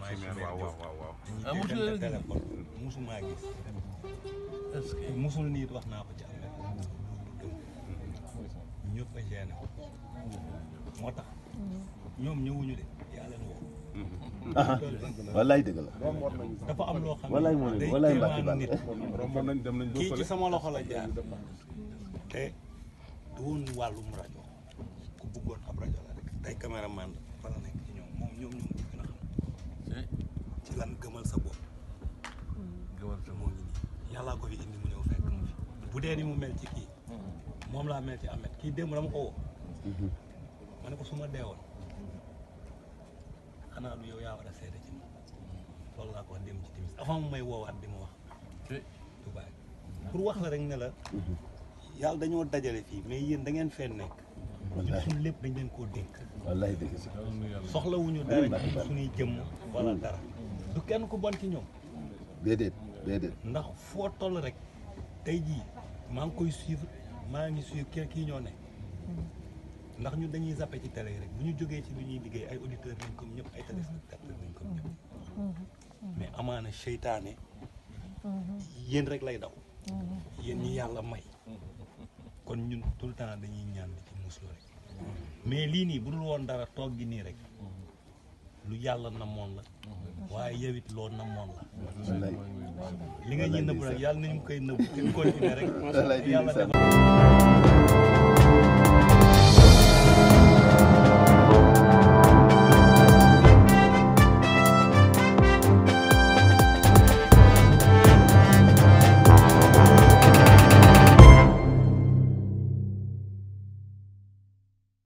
waaw waaw waaw ah maa gis. est nii wax naa ko ci am rek. a gêné ko. moo tax. ñoom ñëwuñu de yàlla na woo. wallaay dëgg la. dafa am loo xam ne day téemaan nit. kii ci sama loxo la jaar. te du woon wàllum rajo ku bëggoon ab rajo la rek. day caméraman la fa la nekk ci ñoom moom ñoom ñoom. yàllaa ko fi indi mu ñëw fekk mu mm-hmm. fi bu dee ni mu mel ci kii mm-hmm. moom laa mel ci Ameth kii démb dama ko woo mm-hmm. ma ne ko su ma deewoon xanaa du yow yaa war a seede ci loolu laa ko wax mu may woowaat di ma wax pour wax la rek ne la yàlla dañoo dajale fii mais yéen da ngeen fee nekk ñu lépp dañ leen koo dénk wallaay dëgg soxlawuñu dara ci suñuy jëmm wala dara du kenn ku bon ci ñoom déedéet déedéet ndax foo toll rek tey jii maa ngi koy suivre maa ngi suivre kii kii ñoo ne ndax ñu dañuy zappé ci télé rek bu ñu jógee ci lu ñuy liggéey ay auditeurs lañ comme ñëpp ay téléspectateurs lañ comme ñëpp mais amaana seytaane yéen rek lay daw yéen ñi yàlla may kon ñun tout le temps dañuy ñaan di ci muslu rek mais lii nii bu dul woon dara toog gi nii rek lu yàlla na moon la mm-hmm. waaye yow it loo namoon la li nga ñuy nëbb nag yàlla nañu koy nëbb te continuer rek yàlla